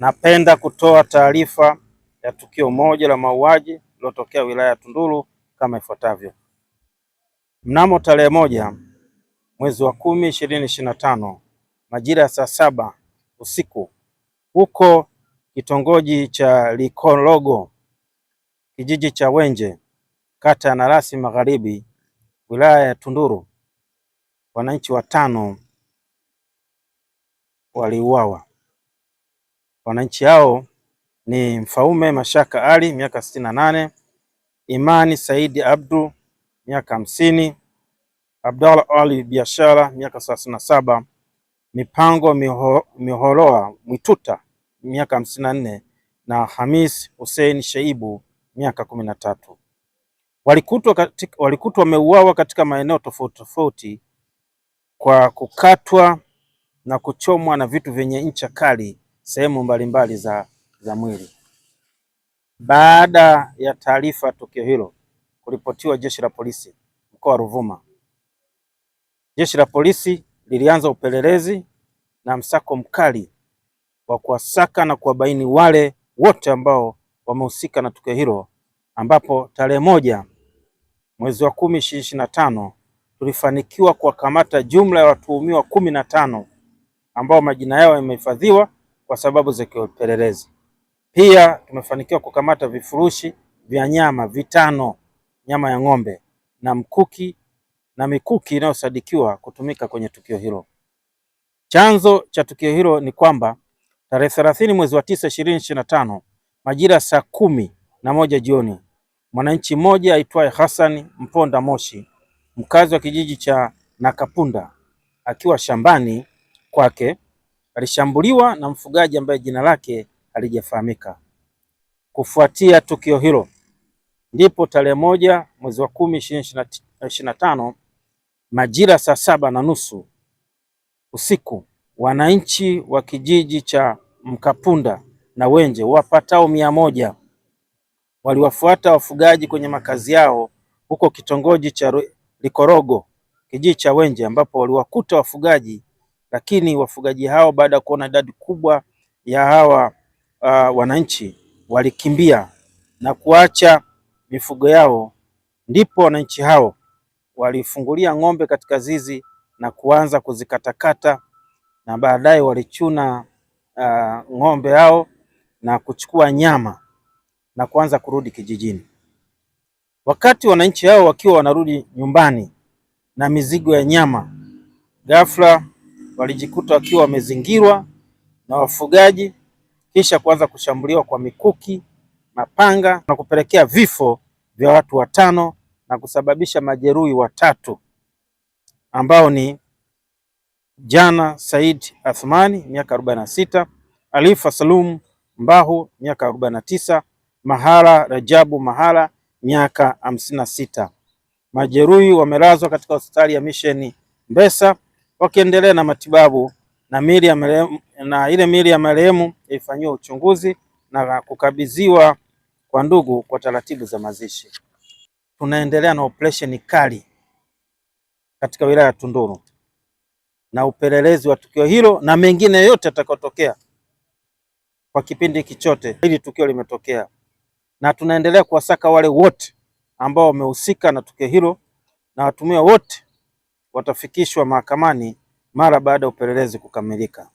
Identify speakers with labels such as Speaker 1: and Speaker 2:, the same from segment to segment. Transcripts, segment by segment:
Speaker 1: Napenda kutoa taarifa ya tukio moja la mauaji lililotokea wilaya ya Tunduru kama ifuatavyo. Mnamo tarehe moja mwezi wa kumi ishirini ishirini na tano majira ya saa saba usiku huko kitongoji cha Likologo kijiji cha Wenje kata ya Narasi Magharibi wilaya ya Tunduru wananchi watano waliuawa. Wananchi hao ni Mfaume Mashaka Ali miaka sitini na nane, Imani Saidi Abdu miaka hamsini, Abdalla Ali Biashara miaka thelathini na saba, Mipango Miho, Mihoroa Mwituta miaka hamsini na nne na Hamis Hussein Sheibu miaka kumi na tatu. Walikutwa wameuawa katika maeneo tofauti tofauti kwa kukatwa na kuchomwa na vitu vyenye ncha kali sehemu mbalimbali za, za mwili. Baada ya taarifa ya tukio hilo kuripotiwa jeshi la polisi mkoa wa Ruvuma, jeshi la polisi lilianza upelelezi na msako mkali wa kuwasaka na kuwabaini wale wote ambao wamehusika na tukio hilo, ambapo tarehe moja mwezi wa kumi ishirini na tano tulifanikiwa kuwakamata jumla ya watuhumiwa kumi na tano ambao majina yao yamehifadhiwa kwa sababu za kiupelelezi. Pia tumefanikiwa kukamata vifurushi vya nyama vitano, nyama ya ng'ombe na mkuki na mikuki inayosadikiwa kutumika kwenye tukio hilo. Chanzo cha tukio hilo ni kwamba tarehe thelathini mwezi wa tisa ishirini ishirini na tano majira saa kumi na moja jioni mwananchi mmoja aitwaye Hassan Mponda Moshi mkazi wa kijiji cha Nakapunda akiwa shambani kwake alishambuliwa na mfugaji ambaye jina lake halijafahamika. Kufuatia tukio hilo, ndipo tarehe moja mwezi wa kumi ishirini na tano majira saa saba na nusu usiku wananchi wa kijiji cha Mkapunda na Wenje wapatao mia moja waliwafuata wafugaji kwenye makazi yao huko kitongoji cha Likorogo kijiji cha Wenje ambapo waliwakuta wafugaji lakini wafugaji hao baada ya kuona idadi kubwa ya hawa uh, wananchi walikimbia na kuacha mifugo yao, ndipo wananchi hao walifungulia ng'ombe katika zizi na kuanza kuzikatakata na baadaye walichuna uh, ng'ombe hao na kuchukua nyama na kuanza kurudi kijijini. Wakati wananchi hao wakiwa wanarudi nyumbani na mizigo ya nyama, ghafla walijikuta wakiwa wamezingirwa na wafugaji, kisha kuanza kushambuliwa kwa mikuki, mapanga na kupelekea vifo vya watu watano na kusababisha majeruhi watatu ambao ni Jana Said Athmani miaka 46, na sita, Alifa Salum Mbahu miaka arobaini na tisa, Mahala Rajabu Mahala miaka 56. sita. Majeruhi wamelazwa katika hospitali ya misheni Mbesa wakiendelea na matibabu na mili ya marehemu, na ile mili ya marehemu ilifanyiwa uchunguzi na kukabidhiwa kwa ndugu kwa taratibu za mazishi. Tunaendelea na operesheni kali katika wilaya ya Tunduru na upelelezi wa tukio hilo na mengine yote yatakayotokea kwa kipindi hiki chote hili tukio limetokea, na tunaendelea kuwasaka wale wote ambao wamehusika na tukio hilo na watumia wote watafikishwa mahakamani mara baada ya upelelezi kukamilika.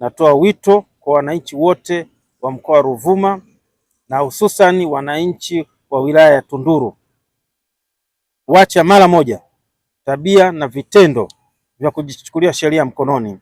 Speaker 1: Natoa wito kwa wananchi wote wa mkoa wa Ruvuma na hususani wananchi wa wilaya ya Tunduru wacha mara moja tabia na vitendo vya kujichukulia sheria mkononi